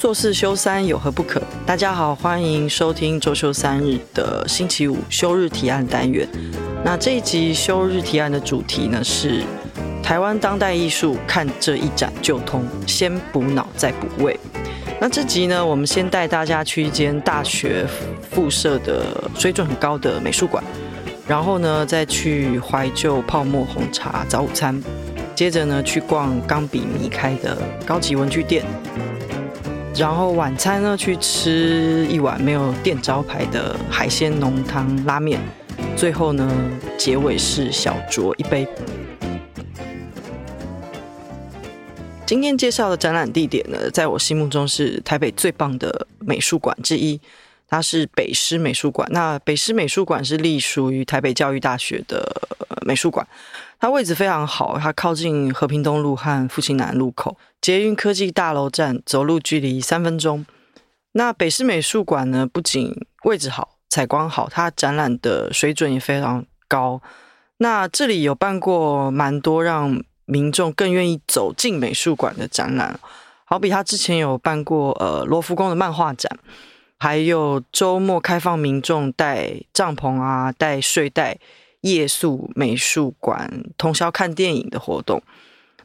做四休三有何不可？大家好，歡迎收聽《週休三日》的星期五休日提案單元。那這一集休日提案的主題呢是台灣當代藝術，看這一展就通，先補腦再補胃。那這集呢，我們先帶大家去一間大學附設的水準很高的美術館，然後呢再去懷舊泡沫紅茶早午餐，接着呢去逛鋼筆迷開的高級文具店。然後晚餐呢，去吃一碗沒有店招牌的海鮮濃湯拉麵。最後呢，結尾是小酌一杯。今天介紹的展覽地點呢，在我心目中是台北最棒的美術館之一。它是北師美術館，那北師美術館是隸屬於台北教育大學的美術館。它位置非常好，它靠近和平東路和復興南路口，捷運科技大樓站走路距離三分鐘。那北師美術館呢，不僅位置好，採光好，它展覽的水準也非常高。那這裡有辦過蠻多讓民眾更願意走進美術館的展覽，好比他之前有辦過呃羅浮宮的漫畫展。還有周末開放，民眾帶帳篷啊，帶睡袋，夜宿美術館，通宵看電影的活動。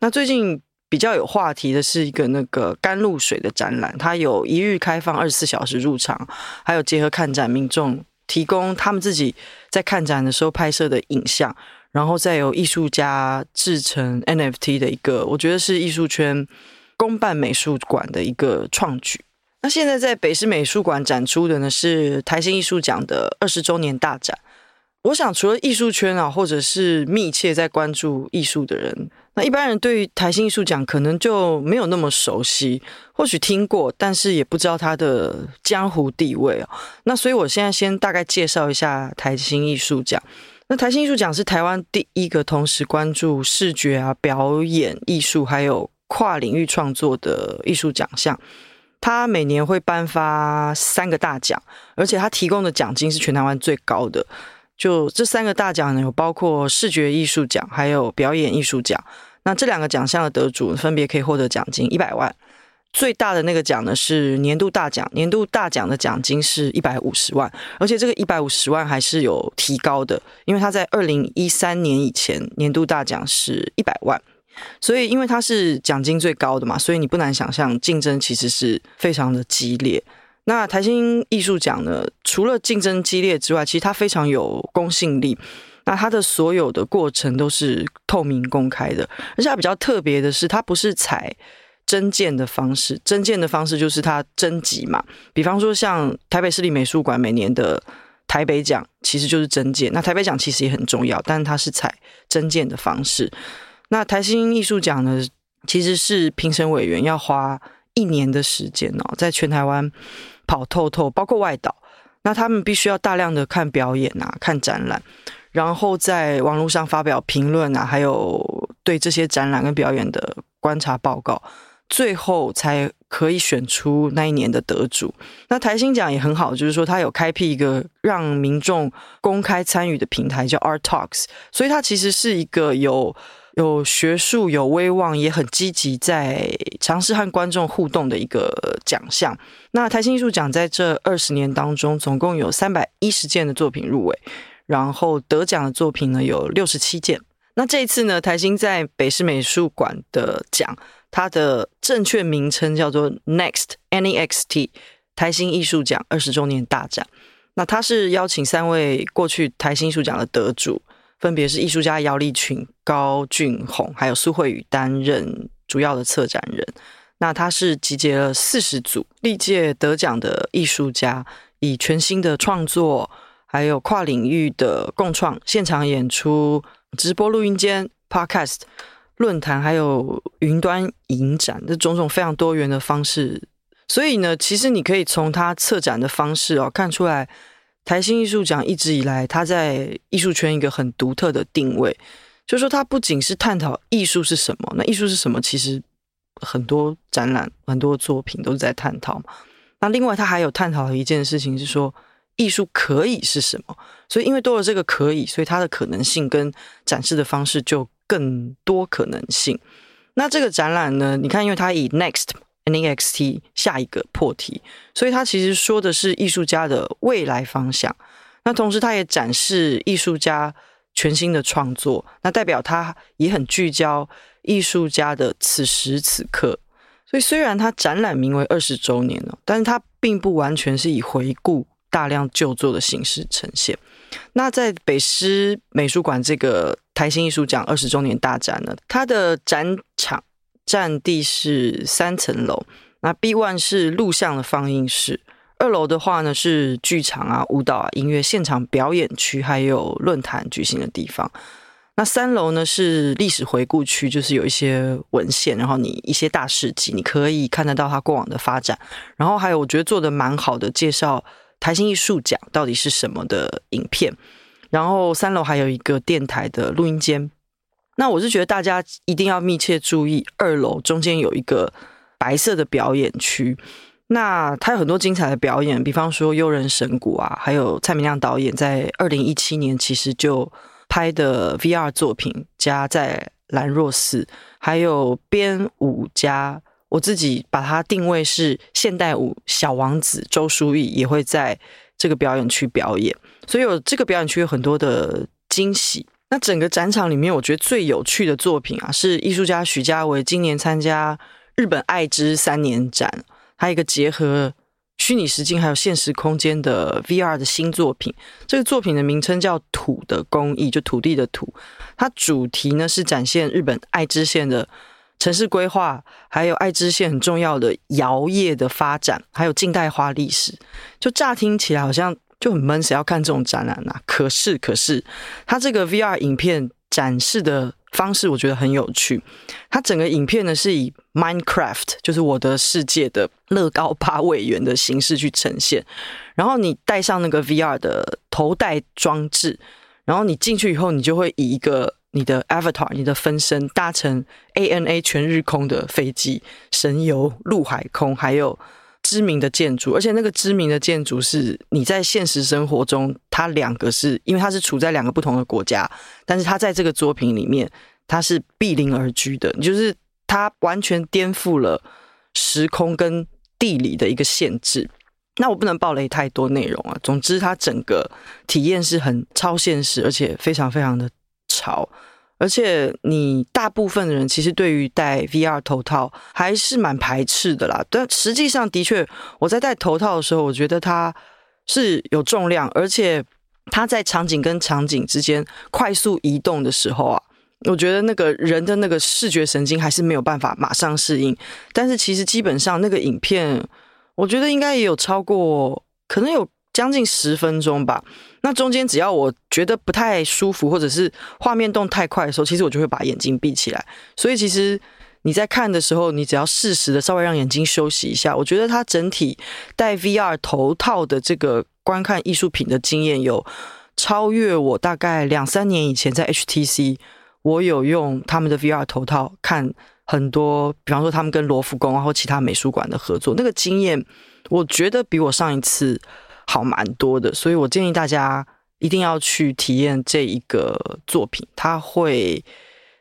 那最近比較有話題的是一個那個甘露水的展覽，它有一日開放，二十四小時入場，還有結合看展民眾提供他們自己在看展的時候拍攝的影像，然後再由藝術家製成 NFT 的一個，我覺得是藝術圈公辦美術館的一個創舉。那現在在北師美術館展出的呢，是台新藝術獎的二十周年大展。我想除了藝術圈啊，或者是密切在關注藝術的人，那一般人對於台新藝術獎可能就沒有那麼熟悉，或許聽過，但是也不知道它的江湖地位哦、啊，那所以我現在先大概介紹一下台新藝術獎。那台新藝術獎是台灣第一個同時關注視覺啊、表演藝術還有跨領域創作的藝術獎項。他每年會頒發三個大獎，而且他提供的獎金是全台灣最高的。就這三個大獎呢，有包括視覺藝術獎，還有表演藝術獎。那這兩個獎項的得主分別可以獲得獎金一百萬。最大的那個獎呢，是年度大獎，年度大獎的獎金是一百五十萬，而且這個一百五十萬還是有提高的，因為他在二零一三年以前，年度大獎是一百萬。所以，因為它是獎金最高的嘛，所以你不難想象競爭其實是非常的激烈。那台新藝術獎呢，除了競爭激烈之外，其實它非常有公信力。那它的所有的過程都是透明公開的，而且它比較特別的是，它不是採徵件的方式。徵件的方式就是它徵集嘛，比方說像台北市立美術館每年的台北獎，其實就是徵件。那台北獎其實也很重要，但是它是採徵件的方式。那台新藝術獎呢，其實是評審委員要花一年的時間哦，在全台灣跑透透，包括外島。那他們必須要大量的看表演啊，看展覽，然後在網絡上發表評論啊，還有對這些展覽跟表演的觀察報告，最後才可以選出那一年的得主。那台新獎也很好，就是說他有開闢一個讓民眾公開參與的平台，叫 Art Talks，所以它其實是一個有。有學術有威望，也很積極在嘗試和觀眾互動的一個獎項。那台新藝術獎在這二十年當中，總共有三百一十件的作品入圍，然後得獎的作品呢，有六十七件。那這一次呢，台新在北師美術館的獎，它的正確名稱叫做 Next N E X T 台新藝術獎二十週年大獎。那他是邀請三位過去台新藝術獎的得主，分別是藝術家姚立群。高俊宏還有蘇慧宇擔任主要的策展人，那他是集結了四十組歷屆得獎的藝術家，以全新的創作，還有跨領域的共創、現場演出、直播錄音間、Podcast、論壇，還有雲端影展，這種種非常多元的方式。所以呢，其實你可以從他策展的方式哦，看出來台新藝術獎一直以來他在藝術圈一個很獨特的定位。就是說它不僅是探討藝術是什麼，那藝術是什麼，其實很多展覽、很多作品都是在探討。那另外，它還有探討的一件事情是說，藝術可以是什麼？所以，因為多了這個“可以”，所以它的可能性跟展示的方式就更多可能性。那這個展覽呢，你看，因為它以 “NEXT”、“NXT” 下一個破題，所以它其實說的是藝術家的未來方向。那同時，它也展示藝術家。全新的創作，那代表他也很聚焦藝術家的此時此刻。所以雖然他展覽名為二十周年哦，但是他並不完全是以回顧大量舊作的形式呈現。那在北師美術館這個台新藝術獎二十周年大展呢，它的展場佔地是三層樓，那 B1 是錄像的放映室。二樓的話呢是劇場啊、舞蹈啊、音樂現場表演區，還有論壇舉行的地方。那三樓呢是歷史回顧區，就是有一些文獻，然後你一些大事蹟，你可以看得到它過往的發展。然後還有我覺得做得蠻好的介紹台新藝術獎到底是什麼的影片。然後三樓還有一個電台的錄音間。那我是覺得大家一定要密切注意二樓中間有一個白色的表演區。那他有很多精彩的表演，比方說《幽人神谷》啊，還有蔡明亮導演在二零一七年其實就拍的 VR 作品《家在蘭若寺》，還有編舞家我自己把它定位是現代舞小王子周書毅也會在這個表演區表演，所以有這個表演區有很多的驚喜。那整個展場裡面，我覺得最有趣的作品啊，是藝術家許家維今年參加日本愛知三年展。還有一個結合虛擬實境還有現實空間的 VR 的新作品，這個作品的名稱叫《土的工藝》，就土地的土。它主題呢是展現日本愛知縣的城市規劃，還有愛知縣很重要的窯業的發展，還有近代化歷史。就乍聽起來好像就很悶，誰要看這種展覽啊？可是可是，它這個 VR 影片展示的。方式我覺得很有趣，它整個影片呢是以 Minecraft 就是我的世界的樂高八位元的形式去呈現，然後你戴上那個 VR 的頭戴裝置，然後你進去以後，你就會以一個你的 Avatar 你的分身搭乘 ANA 全日空的飛機神遊陸海空，還有。知名的建築，而且那個知名的建築是你在現實生活中，它兩個是因為它是處在兩個不同的國家，但是它在這個作品裡面，它是毗鄰而居的，你就是它完全顛覆了時空跟地理的一個限制。那我不能爆雷太多內容啊，總之它整個體驗是很超現實，而且非常非常的潮。而且，你大部分的人其實對於戴 VR 頭套還是蠻排斥的啦。但實際上，的確，我在戴頭套的時候，我覺得它是有重量，而且它在場景跟場景之間快速移動的時候啊，我覺得那個人的那個視覺神經還是沒有辦法馬上適應。但是，其實基本上那個影片，我覺得應該也有超過，可能有。將近十分鐘吧。那中間只要我覺得不太舒服，或者是畫面動太快的時候，其實我就會把眼睛閉起來。所以其實你在看的時候，你只要適時的稍微讓眼睛休息一下。我覺得它整體戴 VR 頭套的這個觀看藝術品的經驗，有超越我大概兩三年以前在 HTC 我有用他們的 VR 頭套看很多，比方說他們跟羅浮宮啊或其他美術館的合作，那個經驗，我覺得比我上一次。好蠻多的，所以我建議大家一定要去體驗這一個作品，它會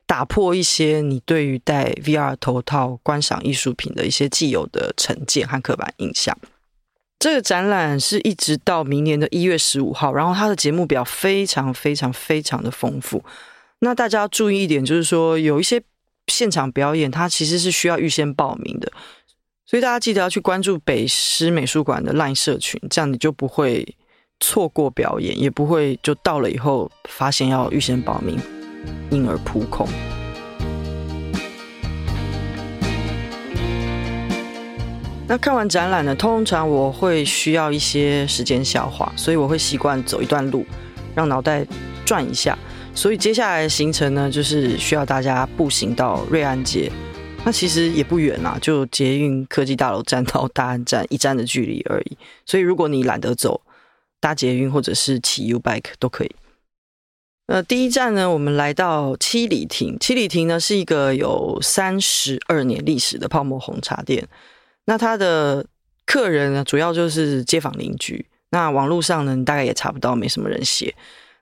打破一些你對於戴 VR 頭套觀賞藝術品的一些既有的成見和刻板印象。這個展覽是一直到明年的一月十五號，然後它的節目表非常非常非常的豐富。那大家要注意一點，就是說有一些現場表演，它其實是需要預先報名的。所以大家記得要去關注北師美術館的 LINE 社群，這樣你就不會錯過表演，也不會就到了以後發現要預先報名，因而撲空。那看完展覽呢，通常我會需要一些時間消化，所以我會習慣走一段路，讓腦袋轉一下。所以接下來的行程呢，就是需要大家步行到瑞安街。那其實也不遠啊，就捷運科技大樓站到大安站一站的距離而已。所以如果你懶得走，搭捷運或者是騎 U-Bike 都可以。呃，第一站呢，我們來到七里亭。七里亭呢是一個有三十二年歷史的泡沫紅茶店。那它的客人呢，主要就是街坊鄰居。那網絡上呢，大概也查不到，沒什麼人寫。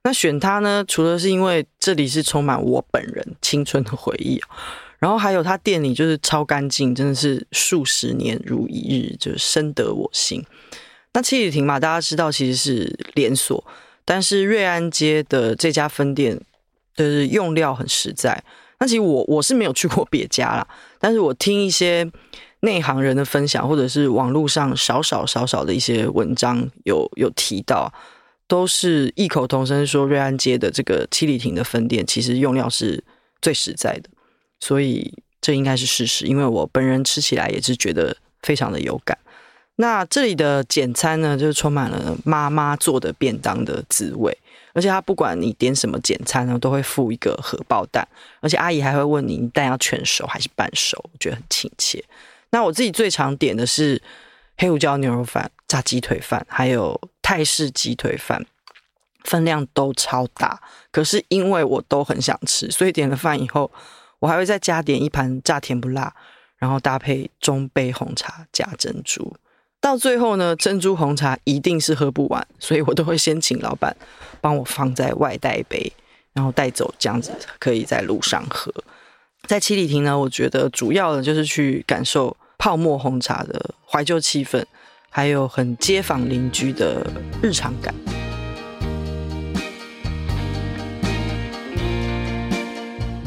那選它呢，除了是因為這裡是充滿我本人青春的回憶。然後還有他店裡就是超乾淨，真的是數十年如一日，就是深得我心。那七里亭嘛，大家知道其實是連鎖，但是瑞安街的這家分店就是用料很實在。那其實我我是沒有去過別家啦，但是我聽一些內行人的分享，或者是網絡上少少少少的一些文章有有提到，都是異口同聲說瑞安街的這個七里亭的分店其實用料是最實在的。所以，這應該是事實，因為我本人吃起來也是覺得非常的有感。那這裡的簡餐呢，就充滿了媽媽做的便當的滋味，而且他不管你點什麼簡餐呢，都會附一個荷包蛋，而且阿姨還會問你蛋要全熟還是半熟，我覺得很親切。那我自己最常點的是黑胡椒牛肉飯、炸雞腿飯，還有泰式雞腿飯，分量都超大。可是因為我都很想吃，所以點了飯以後。我還會再加點一盤炸甜不辣，然後搭配中杯紅茶加珍珠。到最後呢，珍珠紅茶一定是喝不完，所以我都會先請老闆幫我放在外帶杯，然後帶走，這樣子可以在路上喝。在七里亭呢，我覺得主要的就是去感受泡沫紅茶的懷舊氣氛，還有很街坊鄰居的日常感。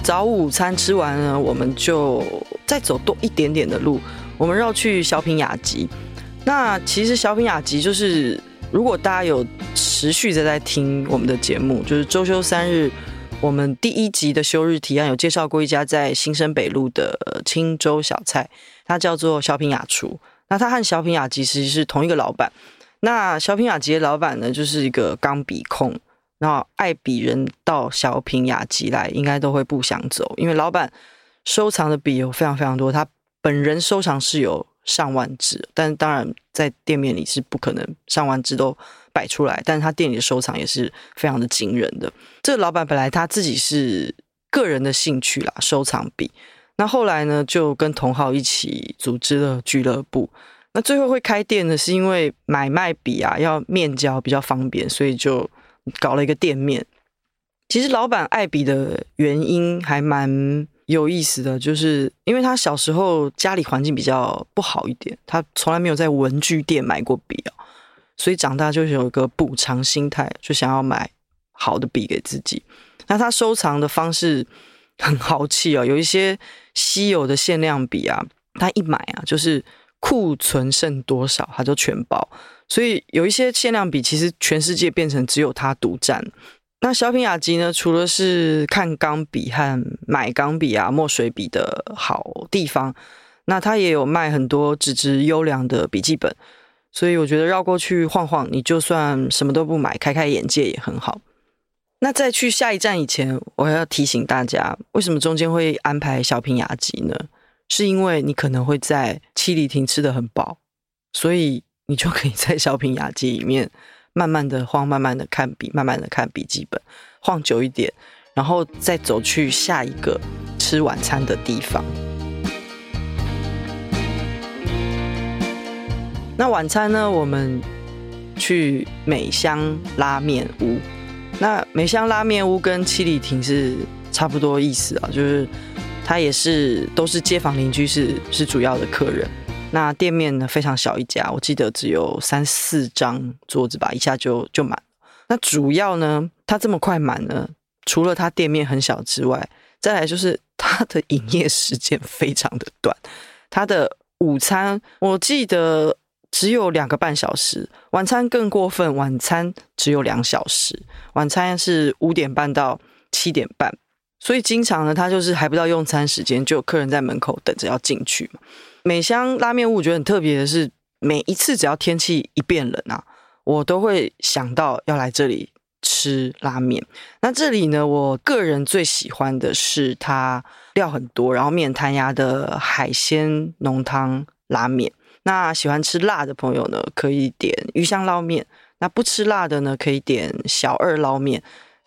早午,午餐吃完呢，我們就再走多一點點的路，我們繞去小品雅集。那其實小品雅集就是，如果大家有持續在在聽我們的節目，就是周休三日，我們第一集的休日提案有介紹過一家在新生北路的清粥小菜，它叫做小品雅廚。那它和小品雅集其實是同一個老板。那小品雅集的老板呢，就是一個鋼筆控。那愛筆人到小品雅集來，應該都會不想走，因為老闆收藏的筆有非常非常多，他本人收藏是有上萬支，但當然在店面裡是不可能上萬支都擺出來，但是他店裡的收藏也是非常的驚人的。這個老闆本來他自己是個人的興趣啦，收藏筆，那後來呢就跟同好一起組織了俱樂部，那最後會開店呢，是因為買賣筆啊要面交比較方便，所以就，搞了一個店面。其實老板愛筆的原因還蠻有意思的，就是因為他小時候家裡環境比較不好一點，他從來沒有在文具店買過筆哦，所以長大就有一個補償心態，就想要買好的筆給自己。那他收藏的方式很豪氣啊，哦，有一些稀有的限量筆啊，他一買啊就是。庫存剩多少，他就全包。所以有一些限量筆，其實全世界變成只有他獨佔。那小品雅集呢？除了是看鋼筆和買鋼筆啊墨水筆的好地方，那他也有賣很多紙質優良的筆記本。所以我覺得繞過去晃晃，你就算什麼都不買，開開眼界也很好。那再去下一站以前，我還要提醒大家，為什麼中間會安排小品雅集呢？是因為你可能會在七里亭吃得很飽，所以你就可以在小品雅集裡面慢慢的晃，慢慢的看筆，慢慢的看筆記本，晃久一點，然後再走去下一個吃晚餐的地方。那晚餐呢？我們去美鄉拉麵屋。那美鄉拉麵屋跟七里亭是差不多意思啊，就是。他也是，都是街坊鄰居，是是主要的客人。那店面呢，非常小，一家，我記得只有三四張桌子吧，一下就就滿。那主要呢，他這麼快滿呢，除了他店面很小之外，再來就是他的營業時間非常的短。他的午餐我記得只有兩個半小時，晚餐更過分，晚餐只有兩小時。晚餐是五點半到七點半。所以經常呢，他就是還不到用餐時間，就有客人在門口等着要進去嘛。美鄉拉麵屋我覺得很特別的是，每一次只要天氣一變冷啊，我都會想到要來這裡吃拉麵。那這裡呢，我個人最喜歡的是它料很多，然後麵彈牙的海鮮濃湯拉麵。那喜歡吃辣的朋友呢，可以點魚香撈麵；那不吃辣的呢，可以點小二撈麵。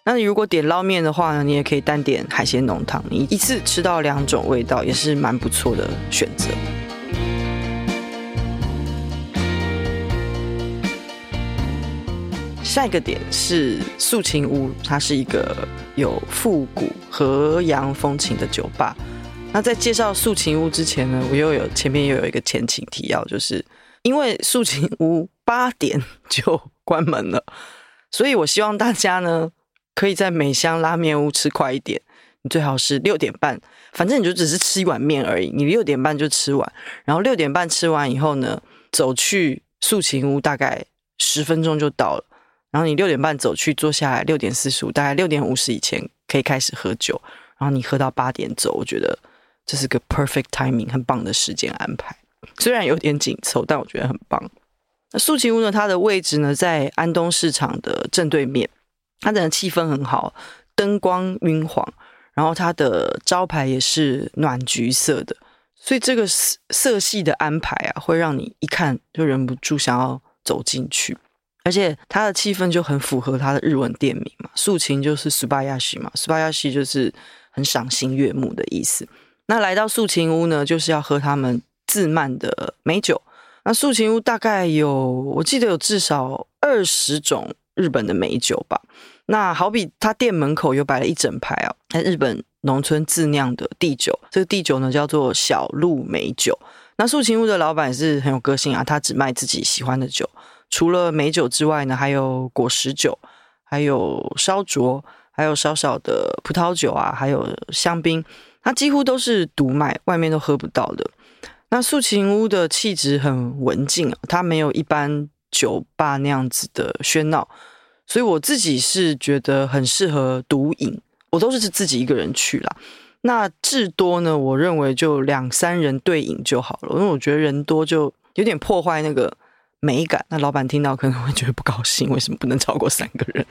那你如果點撈麵的話呢，你也可以單點海鮮濃湯，你一次吃到兩種味道，也是蠻不錯的選擇。下一個點是素晴屋，它是一個有復古和洋風情的酒吧。那在介紹素晴屋之前呢，我又有前面又有一個前情提要，就是因為素晴屋八點就關門了，所以我希望大家呢，可以在美鄉拉麵屋吃快一點，你最好是六點半，反正你就只是吃一碗麵而已。你六點半就吃完，然後六點半吃完以後呢，走去素晴屋，大概十分鐘就到了。然後你六點半走去坐下來，六點四十五，大概六點五十以前可以開始喝酒。然後你喝到八點走，我覺得這是個 perfect timing，很棒的時間安排。雖然有點緊湊，但我覺得很棒。那素晴屋呢？它的位置呢，在安東市場的正對面。它的氣氛很好，燈光暈黃，然後他的招牌也是暖橘色的，所以這個色系的安排啊，會讓你一看就忍不住想要走進去，而且他的氣氛就很符合他的日文店名嘛，素晴就是 subayashi 嘛 subayashi 就是很賞心悅目的意思。那來到素晴屋呢，就是要喝他們自慢的梅酒。那素晴屋大概有，我記得有至少二十種日本的梅酒吧。那好比他店門口有擺了一整排哦、啊，那日本農村自釀的地酒，這個地酒呢叫做小鹿梅酒。那素晴屋的老闆是很有個性啊，他只賣自己喜歡的酒，除了梅酒之外呢，還有果實酒，還有燒酌，還有小小的葡萄酒啊，還有香檳，他幾乎都是獨賣，外面都喝不到的。那素晴屋的氣質很文靜啊，他沒有一般酒吧那樣子的喧鬧。所以我自己是覺得很適合獨飲，我都是自己一個人去啦。那至多呢，我認為就兩三人對飲就好了，因為我覺得人多就有點破壞那個美感。那老板聽到可能會覺得不高興，為什麼不能超過三個人？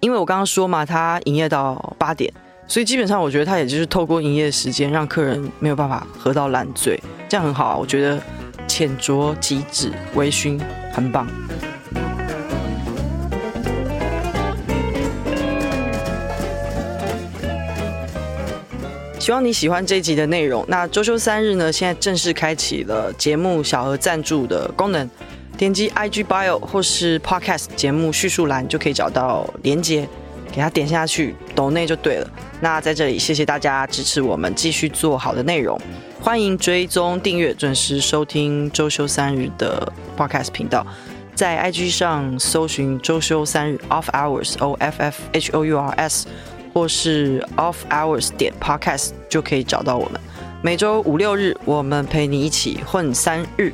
因為我剛剛說嘛，他營業到八點，所以基本上我覺得他也就是透過營業時間讓客人沒有辦法喝到爛醉，這樣很好啊。我覺得淺酌即止，微醺很棒。希望你喜歡這集的內容。那週休三日呢？現在正式開啟了節目小額贊助的功能，點擊 IG Bio 或是 Podcast 節目敘述欄就可以找到連結，給它點下去，抖內就對了。那在這裡，謝謝大家支持我們繼續做好的內容。歡迎追蹤訂閱，準時收聽週休三日的 Podcast 頻道，在 IG 上搜尋“週休三日 Off Hours O F F H O U R S”。或是 off hours 點 podcast 就可以找到我們。每周五六日，我們陪你一起混三日。